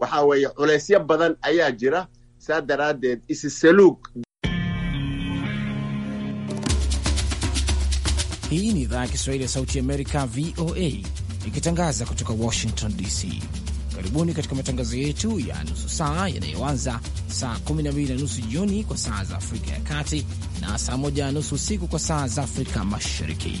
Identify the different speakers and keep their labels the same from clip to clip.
Speaker 1: waxaa weeye culaysyo badan ayaa jira saa daraaddeed isiseluug
Speaker 2: Hii ni idhaa ya Kiswahili ya Sauti Amerika, VOA, ikitangaza kutoka Washington DC. Karibuni katika matangazo yetu ya nusu saa yanayoanza saa 12 na nusu jioni kwa saa za Afrika ya Kati na saa 1 na nusu usiku kwa saa za Afrika Mashariki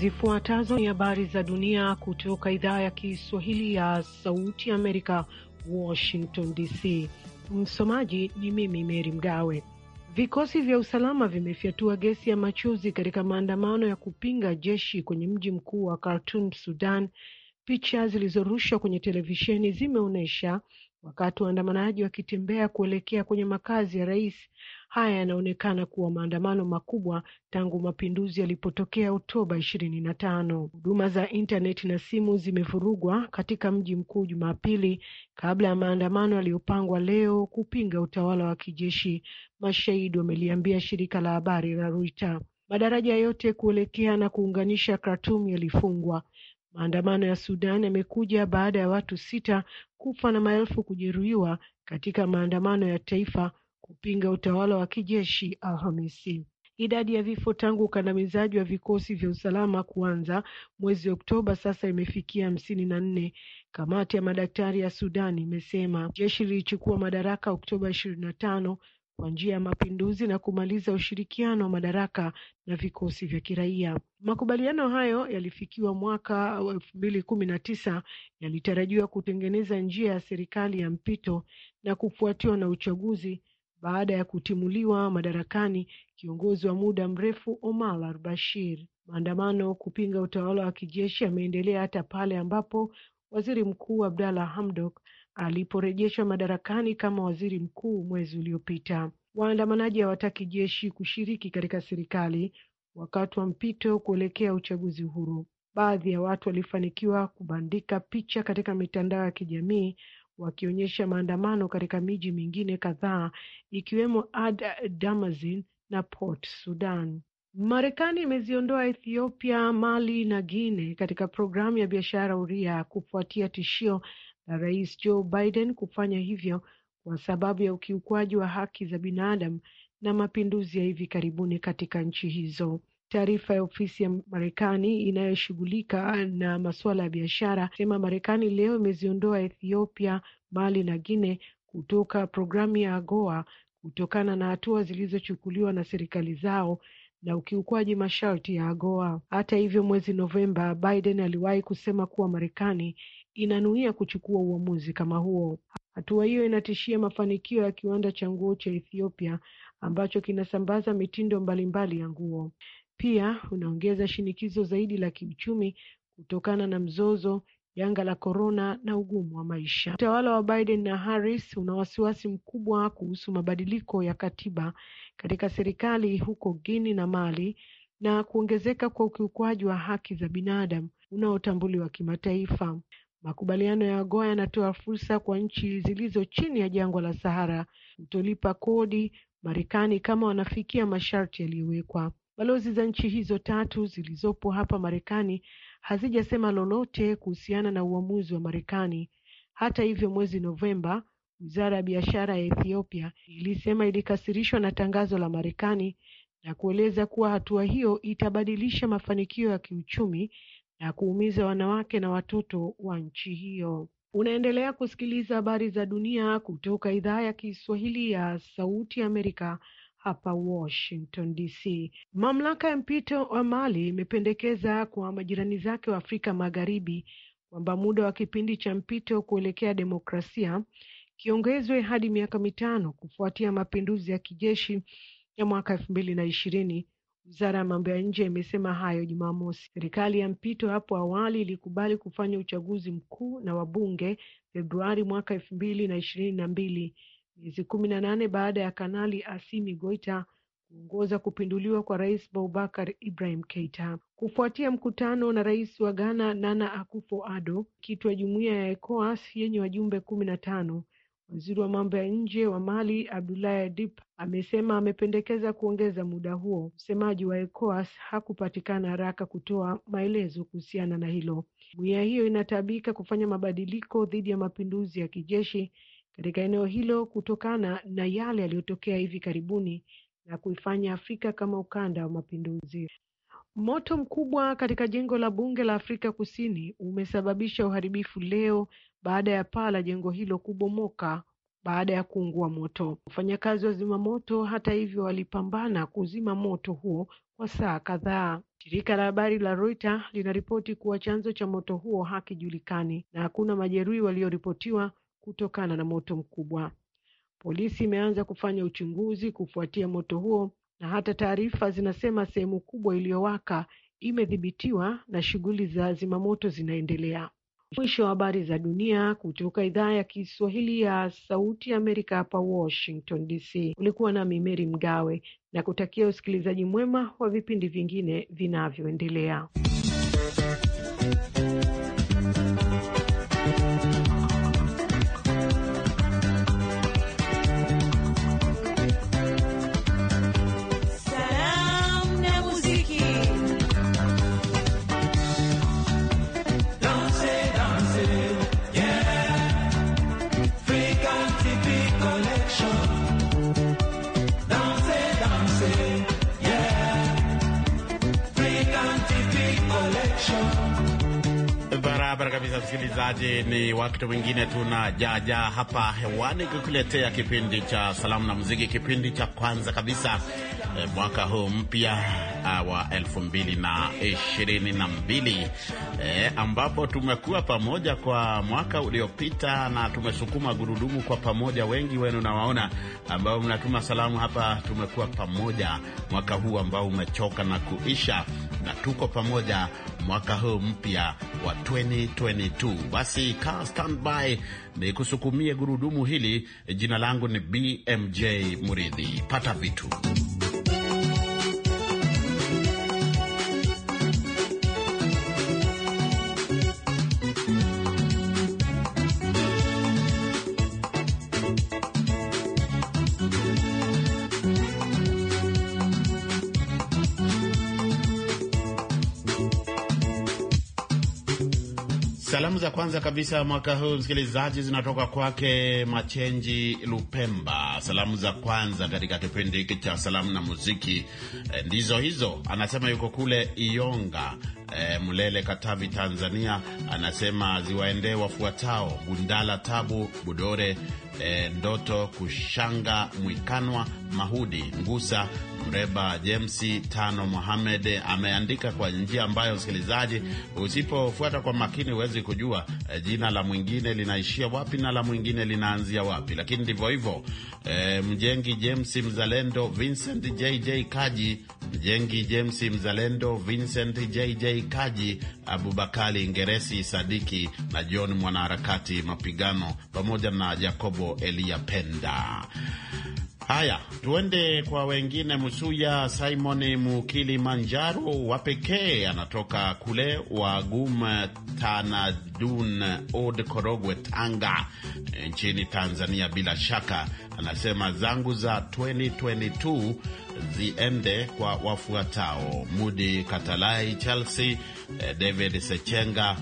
Speaker 3: Zifuatazo ni habari za dunia kutoka idhaa ya Kiswahili ya Sauti Amerika, Washington DC. Msomaji ni mimi Meri Mgawe. Vikosi vya usalama vimefyatua gesi ya machozi katika maandamano ya kupinga jeshi kwenye mji mkuu wa Khartoum, Sudan. Picha zilizorushwa kwenye televisheni zimeonyesha Wakati waandamanaji wakitembea kuelekea kwenye makazi ya rais. Haya yanaonekana kuwa maandamano makubwa tangu mapinduzi yalipotokea Oktoba ishirini na tano. Huduma za intaneti na simu zimevurugwa katika mji mkuu Jumapili kabla ya maandamano yaliyopangwa leo kupinga utawala wa kijeshi, mashahidi wameliambia shirika la habari la Reuters. Madaraja yote kuelekea na kuunganisha Khartoum yalifungwa. Maandamano ya Sudan yamekuja baada ya watu sita kufa na maelfu kujeruhiwa katika maandamano ya taifa kupinga utawala wa kijeshi Alhamisi. Idadi ya vifo tangu ukandamizaji wa vikosi vya usalama kuanza mwezi Oktoba sasa imefikia hamsini na nne. Kamati ya madaktari ya Sudan imesema jeshi lilichukua madaraka Oktoba ishirini na tano kwa njia ya mapinduzi na kumaliza ushirikiano wa madaraka na vikosi vya kiraia. Makubaliano hayo yalifikiwa mwaka wa elfu mbili kumi na tisa yalitarajiwa kutengeneza njia ya serikali ya mpito na kufuatiwa na uchaguzi baada ya kutimuliwa madarakani kiongozi wa muda mrefu Omar al-Bashir. Maandamano kupinga utawala wa kijeshi yameendelea hata pale ambapo Waziri Mkuu Abdalla Hamdok aliporejeshwa madarakani kama waziri mkuu mwezi uliopita. Waandamanaji hawataki jeshi kushiriki katika serikali wakati wa mpito kuelekea uchaguzi huru. Baadhi ya watu walifanikiwa kubandika picha katika mitandao ya kijamii wakionyesha maandamano katika miji mingine kadhaa ikiwemo Ad Damazin na Port Sudan. Marekani imeziondoa Ethiopia, Mali na Guinea katika programu ya biashara huria kufuatia tishio la Rais Joe Biden kufanya hivyo kwa sababu ya ukiukwaji wa haki za binadamu na mapinduzi ya hivi karibuni katika nchi hizo. Taarifa ya ofisi ya Marekani inayoshughulika na masuala ya biashara sema Marekani leo imeziondoa Ethiopia, Mali na guine kutoka programu ya AGOA kutokana na hatua zilizochukuliwa na serikali zao na ukiukwaji masharti ya AGOA. Hata hivyo, mwezi Novemba, Biden aliwahi kusema kuwa Marekani inanuia kuchukua uamuzi kama huo. Hatua hiyo inatishia mafanikio ya kiwanda cha nguo cha Ethiopia ambacho kinasambaza mitindo mbalimbali ya nguo. Pia unaongeza shinikizo zaidi la kiuchumi kutokana na mzozo, janga la korona na ugumu wa maisha. Utawala wa Biden na Harris una wasiwasi mkubwa kuhusu mabadiliko ya katiba katika serikali huko guini na Mali na kuongezeka kwa ukiukwaji wa haki za binadamu unaotambuliwa kimataifa. Makubaliano ya agoa yanatoa fursa kwa nchi zilizo chini ya jangwa la Sahara kutolipa kodi Marekani kama wanafikia masharti yaliyowekwa. Balozi za nchi hizo tatu zilizopo hapa Marekani hazijasema lolote kuhusiana na uamuzi wa Marekani. Hata hivyo, mwezi Novemba, wizara ya biashara ya Ethiopia ilisema ilikasirishwa na tangazo la Marekani na kueleza kuwa hatua hiyo itabadilisha mafanikio ya kiuchumi na kuumiza wanawake na watoto wa nchi hiyo. Unaendelea kusikiliza habari za dunia kutoka idhaa ya Kiswahili ya Sauti Amerika hapa Washington DC. Mamlaka ya mpito wa Mali imependekeza kwa majirani zake wa Afrika Magharibi kwamba muda wa kipindi cha mpito kuelekea demokrasia kiongezwe hadi miaka mitano kufuatia mapinduzi ya kijeshi ya mwaka elfu mbili na ishirini Wizara ya mambo ya nje imesema hayo Jumamosi. Serikali ya mpito hapo awali ilikubali kufanya uchaguzi mkuu na wabunge Februari mwaka elfu mbili na ishirini na mbili, miezi kumi na nane baada ya Kanali Asimi Goita kuongoza kupinduliwa kwa Rais Boubacar Ibrahim Keita. Kufuatia mkutano na rais wa Ghana Nana Akufo-Addo, kitwa jumuiya ya ECOWAS yenye wajumbe kumi na tano Waziri wa mambo ya nje wa Mali Abdoulaye Dip amesema amependekeza kuongeza muda huo. Msemaji wa ECOWAS hakupatikana haraka kutoa maelezo kuhusiana na hilo. Jumuiya hiyo inatabika kufanya mabadiliko dhidi ya mapinduzi ya kijeshi katika eneo hilo kutokana na yale yaliyotokea hivi karibuni na kuifanya Afrika kama ukanda wa mapinduzi. Moto mkubwa katika jengo la bunge la Afrika Kusini umesababisha uharibifu leo baada ya paa la jengo hilo kubomoka baada ya kuungua moto. Wafanyakazi wa zimamoto hata hivyo walipambana kuzima moto huo kwa saa kadhaa. Shirika la habari la Reuters linaripoti kuwa chanzo cha moto huo hakijulikani na hakuna majeruhi walioripotiwa kutokana na moto mkubwa. Polisi imeanza kufanya uchunguzi kufuatia moto huo, na hata taarifa zinasema sehemu kubwa iliyowaka imedhibitiwa na shughuli za zimamoto zinaendelea. Mwisho wa habari za dunia kutoka idhaa ya Kiswahili ya Sauti ya Amerika hapa Washington DC. Ulikuwa nami Meri Mgawe na kutakia usikilizaji mwema wa vipindi vingine vinavyoendelea.
Speaker 1: msikilizaji, ni wakati mwingine tunajajaa hapa hewani kukuletea kipindi cha salamu na muziki, kipindi cha kwanza kabisa eh, mwaka huu mpya wa 2022 eh, ambapo tumekuwa pamoja kwa mwaka uliopita na tumesukuma gurudumu kwa pamoja. Wengi wenu nawaona ambao mnatuma salamu hapa, tumekuwa pamoja mwaka huu ambao umechoka na kuisha, na tuko pamoja mwaka huu mpya wa 2022. Basi ka standby ni kusukumie gurudumu hili. Jina langu ni BMJ Muridhi, pata vitu kwanza kabisa mwaka huu msikilizaji, zinatoka kwake Machenji Lupemba. Salamu za kwanza katika kipindi hiki cha salamu na muziki e, ndizo hizo. Anasema yuko kule Iyonga e, eh, Mlele, Katavi, Tanzania. Anasema ziwaendee wafuatao: Gundala Tabu Budore e, Ndoto Kushanga Mwikanwa Mahudi Ngusa Mreba James Tano Mohamed ameandika kwa njia ambayo msikilizaji, usipofuata kwa makini huwezi kujua e, jina la mwingine linaishia wapi na la mwingine linaanzia wapi, lakini ndivyo hivyo. E, Mjengi James Mzalendo Vincent JJ Kaji Mjengi James Mzalendo Vincent JJ Kaji Abubakari Ngeresi Sadiki na John mwanaharakati mapigano pamoja na Jacobo Mipango Eliapenda. Haya, tuende kwa wengine. Msuya Simon Mukilimanjaro wa pekee anatoka kule Wagum Tanadun Od Korogwe, Tanga eh, nchini Tanzania. Bila shaka anasema zangu za 2022 ziende kwa wafuatao: Mudi Katalai, Chelsea, eh, David Sechenga,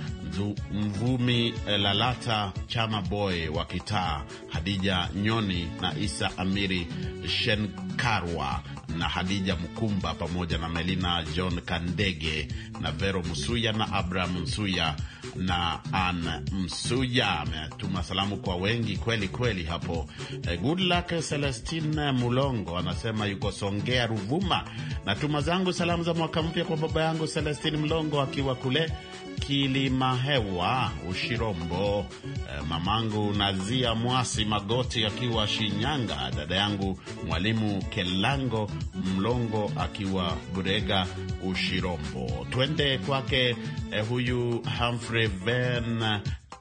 Speaker 1: Mvumi eh, Lalata, Chama Boy wa Kitaa, Hadija Nyoni na Isa Amiri Shenkarwa na Hadija Mkumba pamoja na Melina John Kandege na Vero Msuya na Abraham Msuya na Ann Msuya. Ametuma salamu kwa wengi kweli kweli hapo. Eh, good luck Celestine Mulongo anasema yuko Songea Ruvuma. Natuma zangu salamu za mwaka mpya kwa baba yangu Celestine Mulongo akiwa kule Kilimahewa Ushirombo, eh, mamangu Nazia Mwasi Magoti akiwa Shinyanga, dada yangu mwalimu Kelango Mlongo akiwa Burega Ushirombo. Twende kwake eh, huyu Humphrey Ven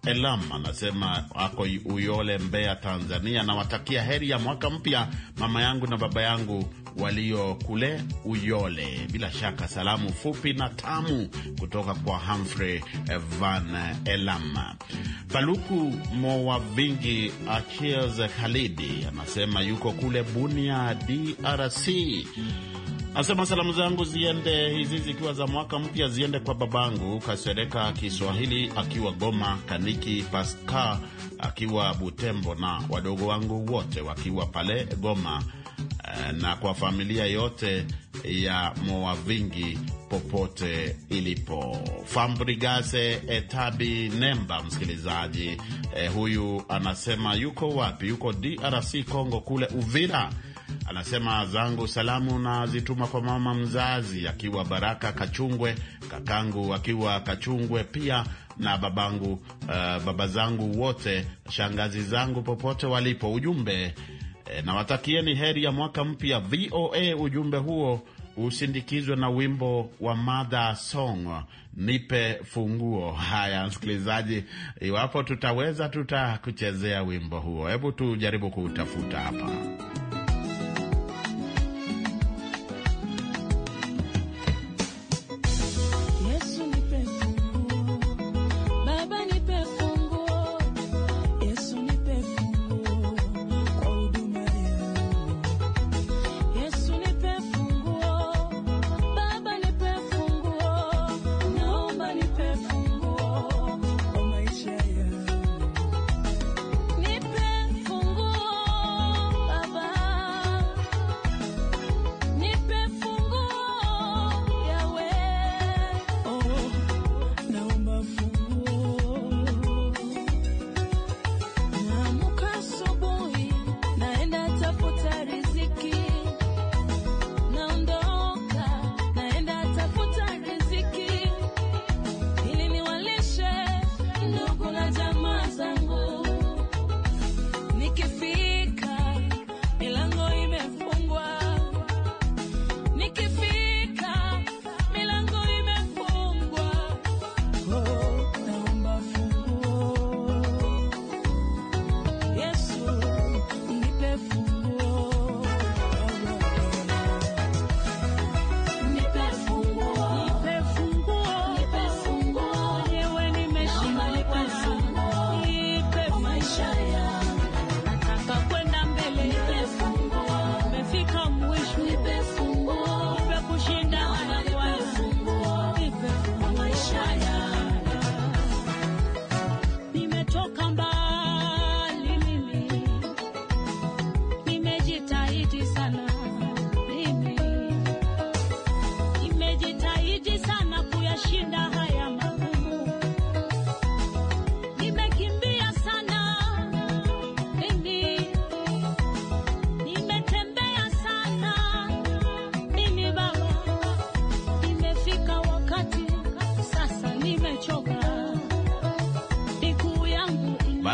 Speaker 1: Elam anasema ako Uyole, Mbeya, Tanzania. Nawatakia heri ya mwaka mpya mama yangu na baba yangu walio kule Uyole. Bila shaka salamu fupi na tamu kutoka kwa Humphrey Van Elam. Paluku Mowavingi Achilles Khalidi anasema yuko kule Bunia, DRC. Anasema salamu zangu ziende hizi zikiwa za mwaka mpya, ziende kwa babangu Kasereka Kiswahili akiwa Goma, Kaniki pasca akiwa Butembo na wadogo wangu wote wakiwa pale Goma eh, na kwa familia yote ya Moavingi popote ilipo. Fambrigase Etabi Nemba, msikilizaji eh, huyu anasema yuko wapi? Yuko DRC Congo kule Uvira anasema zangu salamu nazituma kwa mama mzazi akiwa Baraka Kachungwe, kakangu akiwa Kachungwe pia na babangu, uh, baba zangu wote, shangazi zangu popote walipo. Ujumbe e, nawatakieni heri ya mwaka mpya VOA. Ujumbe huo usindikizwe na wimbo wa Mother Song nipe funguo. Haya, msikilizaji, iwapo tutaweza tutakuchezea wimbo huo. Hebu tujaribu kuutafuta hapa.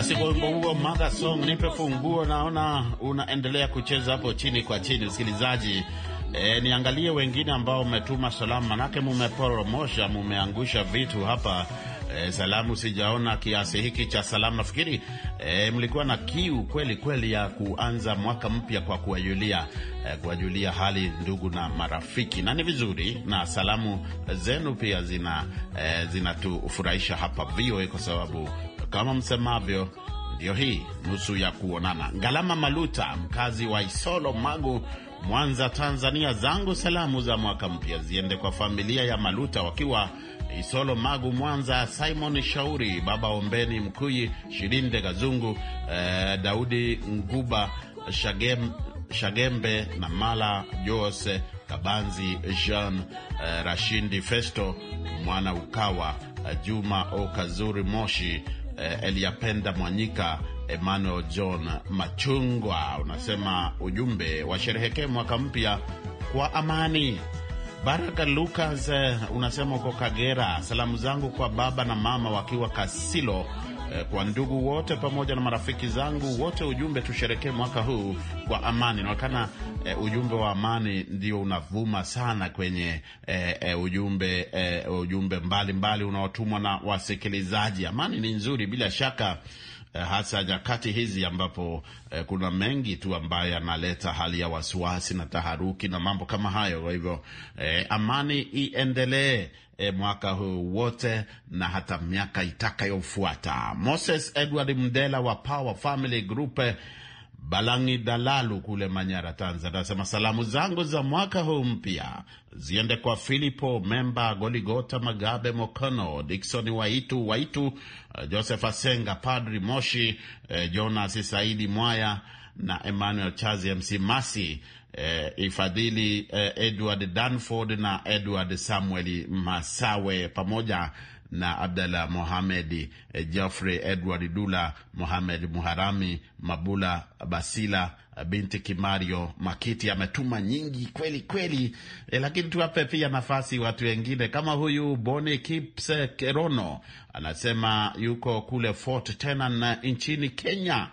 Speaker 1: basi kwa wimbo huo mother song, nipe funguo. Naona unaendelea kucheza hapo chini kwa chini, msikilizaji. E, niangalie wengine ambao umetuma salamu, manake mumeporomosha, mumeangusha vitu hapa. E, salamu sijaona kiasi hiki cha salamu. Nafikiri e, mlikuwa na kiu kweli kweli ya kuanza mwaka mpya kwa kuwajulia e, kuwajulia hali ndugu na marafiki, na ni vizuri, na salamu zenu pia zina e, zinatufurahisha hapa VOA kwa sababu kama msemavyo ndiyo hii nusu ya kuonana. Ngalama Maluta, mkazi wa Isolo Magu, Mwanza, Tanzania, zangu salamu za mwaka mpya ziende kwa familia ya Maluta wakiwa Isolo Magu, Mwanza, Simon Shauri, Baba Ombeni Mkuyi, shirinde Gazungu, eh, Daudi Nguba, Shagem, Shagembe na Mala Jose Kabanzi, Jean eh, Rashindi Festo Mwana Ukawa, eh, Juma Okazuri Moshi eh, Eliapenda Mwanyika, Emmanuel John Machungwa, unasema ujumbe washerehekee mwaka mpya kwa amani. Baraka Lucas eh, unasema uko Kagera, salamu zangu kwa baba na mama wakiwa Kasilo Eh, kwa ndugu wote pamoja na marafiki zangu wote, ujumbe tusherekee mwaka huu kwa amani. Inaonekana e, ujumbe wa amani ndio unavuma sana kwenye e, e, ujumbe e, ujumbe mbalimbali unaotumwa na wasikilizaji. Amani ni nzuri bila shaka Eh, hasa nyakati hizi ambapo eh, kuna mengi tu ambayo yanaleta hali ya wasiwasi na taharuki na mambo kama hayo. Kwa hivyo eh, amani iendelee eh, mwaka huu wote na hata miaka itakayofuata. Moses Edward Mdela wa Power Family Group eh, Balangi Dalalu kule Manyara, Tanzania, anasema salamu zangu za mwaka huu mpya ziende kwa Filipo Memba, Goligota Magabe, Mokono Dikson, Waitu Waitu, eh, Joseph Asenga, Padri Moshi, eh, Jonas Saidi Mwaya na Emmanuel Chazi MC Masi, eh, Ifadhili eh, Edward Danford na Edward Samuel Masawe pamoja na Abdalah Mohamed, eh, Geoffrey Edward Dula, Mohamed Muharami, Mabula Basila eh, binti Kimario Makiti ametuma nyingi kweli kweli, e, lakini tuwape pia nafasi watu wengine kama huyu Boni Kips Kerono anasema yuko kule Fort Tenan nchini Kenya.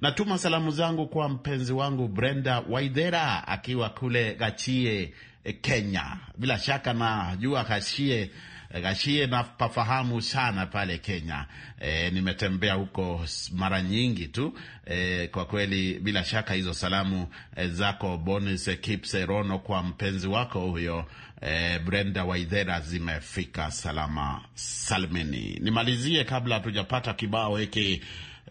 Speaker 1: Natuma salamu zangu kwa mpenzi wangu Brenda Waidera akiwa kule Gachie Kenya. Bila shaka najua Gachie Gashie na pafahamu sana pale Kenya. E, nimetembea huko mara nyingi tu. E, kwa kweli bila shaka hizo salamu e, zako Bonis Kipserono kwa mpenzi wako huyo e, Brenda Waithera zimefika salama salmini. Nimalizie kabla hatujapata kibao hiki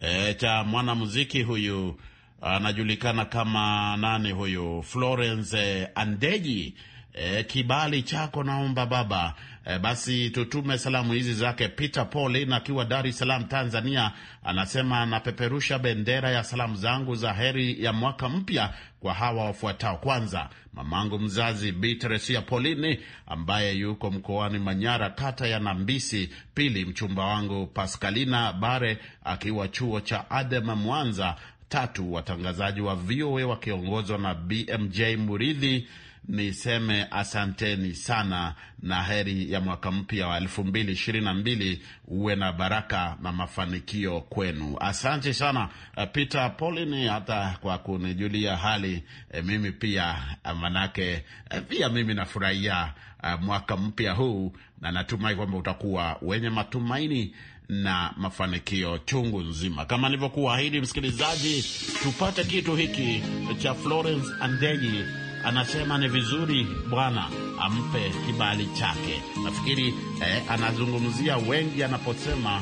Speaker 1: e, cha mwanamuziki huyu anajulikana kama nani huyu, Florence Andeji. E, kibali chako naomba baba E, basi tutume salamu hizi zake Peter Paulin akiwa Dar es Salaam, Tanzania. Anasema anapeperusha bendera ya salamu zangu za heri ya mwaka mpya kwa hawa wafuatao. Kwanza, mamangu mzazi Bi Teresia Polini ambaye yuko mkoani Manyara, kata ya Nambisi. Pili, mchumba wangu Paskalina Bare akiwa chuo cha Adem Mwanza. Tatu, watangazaji wa VOA wakiongozwa na BMJ Muridhi niseme asanteni sana na heri ya mwaka mpya wa elfu mbili ishirini na mbili uwe na baraka na mafanikio kwenu. Asante sana eh, Peter Polini, hata kwa kunijulia hali e, mimi pia eh, manake e, pia mimi nafurahia mwaka mpya huu na natumai kwamba utakuwa wenye matumaini na mafanikio chungu nzima. Kama nilivyokuahidi, msikilizaji, tupate kitu hiki cha Florence Andeji anasema ni vizuri Bwana ampe kibali chake. Nafikiri eh, anazungumzia wengi anaposema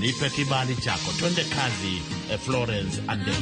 Speaker 1: nipe kibali chako, twende kazi. Eh, Florence ande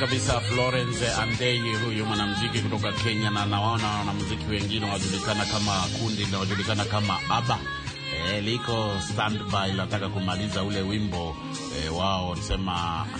Speaker 1: kabisa Florence Andei, huyu mwanamuziki kutoka Kenya, na naona wanamuziki wengine wanajulikana kama kundi linalojulikana kama ABBA e, liko standby, linataka kumaliza ule wimbo e, wao wanasema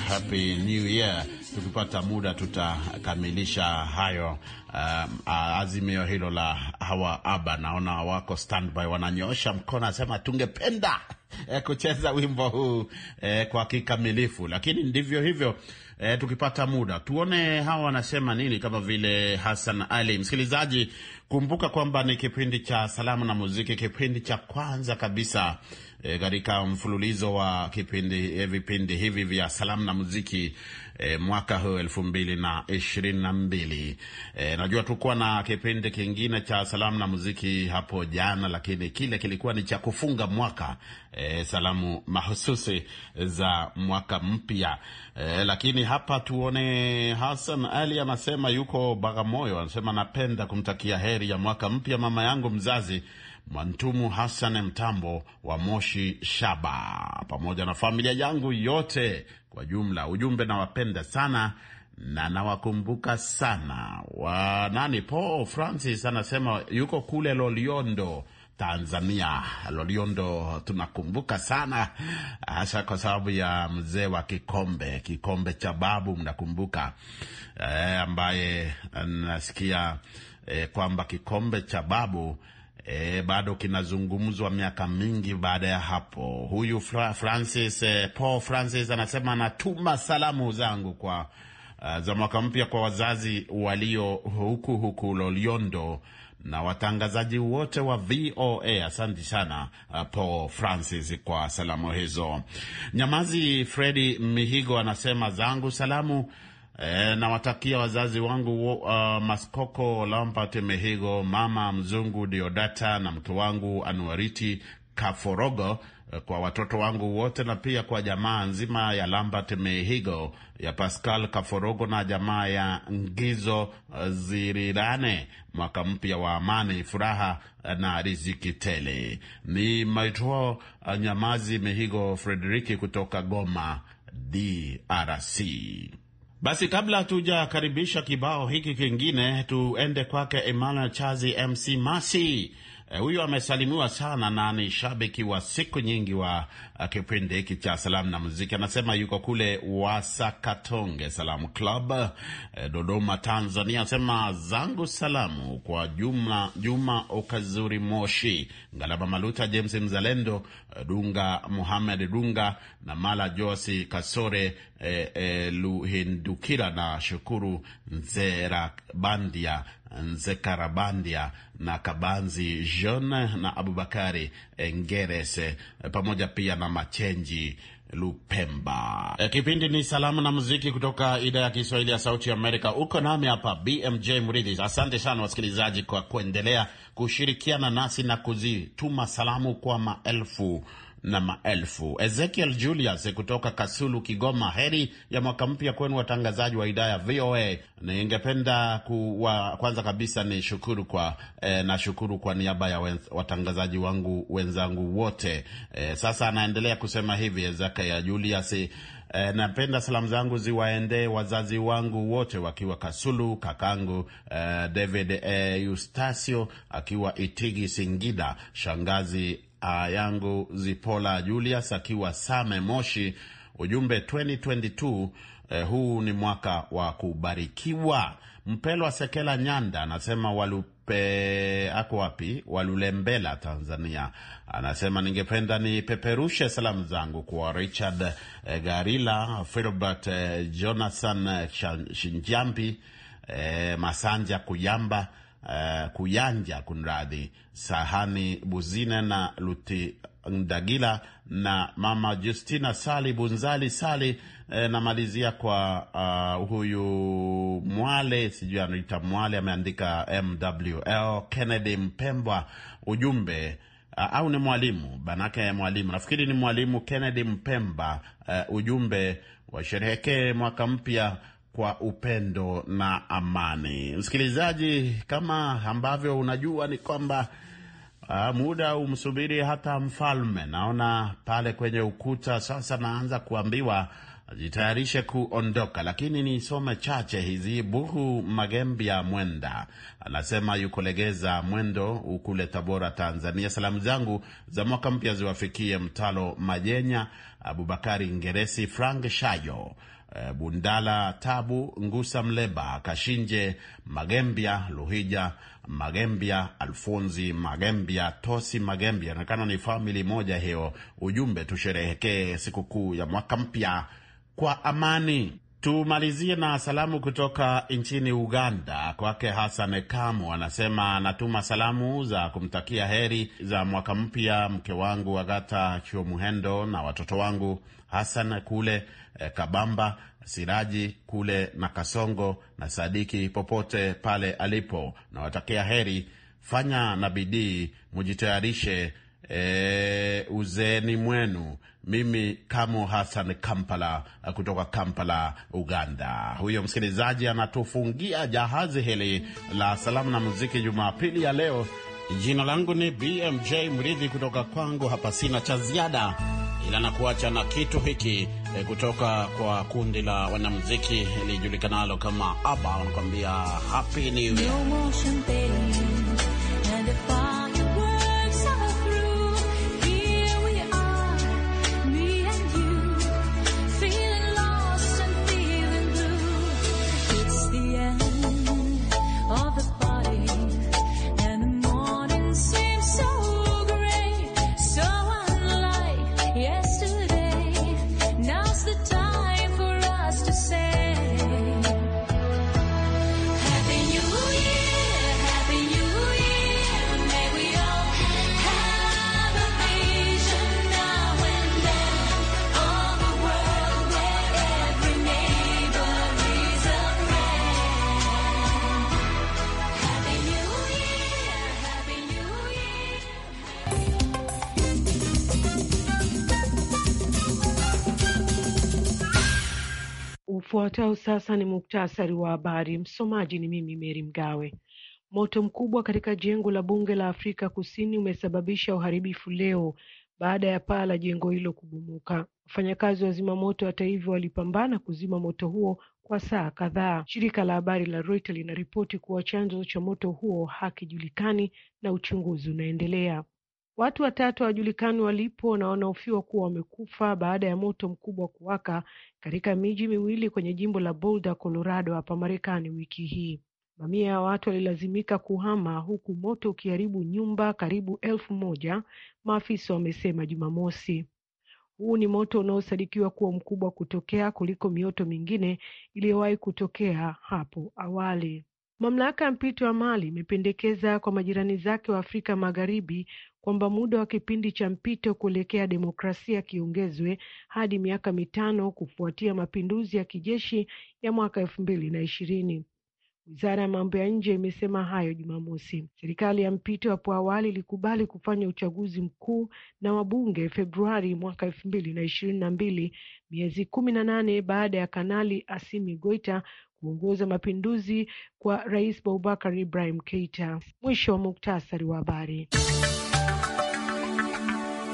Speaker 1: happy new year tukipata muda tutakamilisha hayo uh, azimio hilo la hawa aba. Naona wako standby, wananyosha mkono, asema tungependa eh, kucheza wimbo huu eh, kwa kikamilifu, lakini ndivyo hivyo. eh, tukipata muda tuone hawa wanasema nini, kama vile Hassan Ali. Msikilizaji, kumbuka kwamba ni kipindi cha salamu na muziki, kipindi cha kwanza kabisa eh, katika e, mfululizo wa kipindi, eh, vipindi hivi vya salamu na muziki e, mwaka huu elfu mbili na ishirini na mbili. E, najua tukuwa na kipindi kingine cha salamu na muziki hapo jana, lakini kile kilikuwa ni cha kufunga mwaka e, salamu mahususi za mwaka mpya e, lakini hapa tuone. Hasan Ali anasema yuko Bagamoyo, anasema napenda kumtakia heri ya mwaka mpya mama yangu mzazi Mwantumu Hassan Mtambo wa Moshi Shaba, pamoja na familia yangu yote kwa jumla. Ujumbe, nawapenda sana na nawakumbuka sana. Wa nani? Paul Francis anasema yuko kule Loliondo Tanzania. Loliondo tunakumbuka sana, hasa kwa sababu ya mzee wa kikombe kikombe cha babu, mnakumbuka e, ambaye nasikia e, kwamba kikombe cha babu e, bado kinazungumzwa miaka mingi baada ya hapo. Huyu Fra Francis, e, Paul Francis anasema anatuma salamu zangu kwa uh, za mwaka mpya kwa wazazi walio huku huku Loliondo na watangazaji wote wa VOA. Asante sana uh, Paul Francis kwa salamu hizo. Nyamazi Fredi Mihigo anasema zangu salamu E, nawatakia wazazi wangu uh, Maskoko Lampart Mehigo, mama mzungu Diodata na mke wangu Anuariti Kaforogo eh, kwa watoto wangu wote na pia kwa jamaa nzima ya Lambert Mehigo ya Pascal Kaforogo na jamaa ya Ngizo eh, Zirirane, mwaka mpya wa amani, furaha na riziki tele. Ni maitwa Nyamazi Mehigo Frederiki kutoka Goma, DRC. Basi kabla hatujakaribisha kibao hiki kingine, tuende kwake Emmanuel Chazi, MC Masi Eh, huyu amesalimiwa sana na ni shabiki wa siku nyingi wa eh, kipindi hiki cha salamu na muziki. Anasema yuko kule Wasakatonge Salamu Club, eh, Dodoma, Tanzania. Anasema zangu salamu kwa Juma, Juma Okazuri, Moshi, Ngalaba Maluta, James Mzalendo, Dunga Muhamed Dunga na Mala Josi Kasore, eh, eh, Luhindukira na Shukuru Nzera Bandia Nzekarabandia na Kabanzi Jean na Abubakari Ngerese pamoja pia na Machenji Lupemba. E, kipindi ni salamu na muziki kutoka idhaa ya Kiswahili ya Sauti ya Amerika. Uko nami hapa BMJ Mridhi. Asante sana wasikilizaji kwa kuendelea kushirikiana nasi na kuzituma salamu kwa maelfu na maelfu. Ezekiel Julius kutoka Kasulu, Kigoma, heri ya mwaka mpya kwenu watangazaji wa idhaa ya VOA. Ningependa kuwa, kwanza kabisa ni shukuru kwa eh, nashukuru kwa niaba ya wenz, watangazaji wangu wenzangu wote eh, sasa anaendelea kusema hivi Ezekiel Julius eh, napenda salamu zangu ziwaendee wazazi wangu wote wakiwa Kasulu, kakangu eh, David eh, Eustacio akiwa Itigi Singida, shangazi uh, yangu Zipola Julius akiwa Same Moshi, ujumbe 2022 eh, huu ni mwaka wa kubarikiwa. Mpelwa Sekela Nyanda anasema walupe ako wapi, Walulembela, Tanzania, anasema ningependa nipeperushe salamu zangu kwa Richard eh, Garila, Filbert eh, Jonathan eh, Shinjambi, eh, Masanja Kuyamba Eh, kuyanja kunradhi, Sahani buzine na Luti Ndagila na mama Justina Sali Bunzali Sali. E, namalizia kwa uh, huyu Mwale, sijui anaita Mwale, ameandika MWL Kennedy Mpembwa ujumbe uh, au ni mwalimu banake, mwalimu nafikiri ni mwalimu Kennedy Mpemba uh, ujumbe washerehekee mwaka mpya kwa upendo na amani. Msikilizaji, kama ambavyo unajua ni kwamba uh, muda umsubiri hata mfalme. Naona pale kwenye ukuta sasa naanza kuambiwa jitayarishe kuondoka, lakini nisome chache hizi. Buhu Magembia Mwenda anasema yuko Legeza Mwendo Ukule, Tabora, Tanzania. Salamu zangu za mwaka mpya ziwafikie Mtalo Majenya, Abubakari Ngeresi, Frank Shayo Eh, Bundala Tabu, Ngusa Mleba, Kashinje Magembia, Luhija Magembia, Alfonzi Magembia, Tosi Magembia. nakana ni famili moja hiyo. Ujumbe, tusherehekee sikukuu ya mwaka mpya kwa amani. Tumalizie na salamu kutoka nchini Uganda kwake hasan Kamu, anasema anatuma salamu za kumtakia heri za mwaka mpya mke wangu Agata Kyomuhendo na watoto wangu hasan kule eh, Kabamba, Siraji kule na Kasongo na Sadiki popote pale alipo, nawatakia heri, fanya na bidii, mujitayarishe e, uzeeni mwenu. Mimi Kamo Hassan Kampala kutoka Kampala, Uganda. Huyo msikilizaji anatufungia jahazi hili la salamu na muziki Jumapili ya leo. Jina langu ni BMJ Mridhi, kutoka kwangu hapa sina cha ziada, ila nakuacha na kitu hiki e, kutoka kwa kundi la wanamuziki lijulikanalo kama ABBA wanakuambia happy new year.
Speaker 3: Ufuatao sasa ni muktasari wa habari. Msomaji ni mimi Meri Mgawe. Moto mkubwa katika jengo la bunge la Afrika Kusini umesababisha uharibifu leo baada ya paa la jengo hilo kubomoka. Wafanyakazi wa zimamoto hata hivyo walipambana kuzima moto huo kwa saa kadhaa. Shirika la habari la Reuters linaripoti kuwa chanzo cha moto huo hakijulikani na uchunguzi unaendelea. Watu watatu hawajulikani walipo na wanahofiwa kuwa wamekufa baada ya moto mkubwa kuwaka katika miji miwili kwenye jimbo la Boulder, Colorado hapa Marekani wiki hii. Mamia ya watu walilazimika kuhama huku moto ukiharibu nyumba karibu elfu moja, maafisa wamesema Jumamosi. Huu ni moto unaosadikiwa kuwa mkubwa kutokea kuliko mioto mingine iliyowahi kutokea hapo awali. Mamlaka ya mpito ya Mali imependekeza kwa majirani zake wa Afrika Magharibi kwamba muda wa kipindi cha mpito kuelekea demokrasia kiongezwe hadi miaka mitano kufuatia mapinduzi ya kijeshi ya mwaka elfu mbili na ishirini. Wizara ya mambo ya nje imesema hayo Jumamosi. Serikali ya mpito hapo awali ilikubali kufanya uchaguzi mkuu na wabunge Februari mwaka elfu mbili na ishirini na mbili, miezi kumi na nane baada ya Kanali Asimi Goita kuongoza mapinduzi kwa Rais Boubacar Ibrahim Keita. Mwisho wa muktasari wa habari.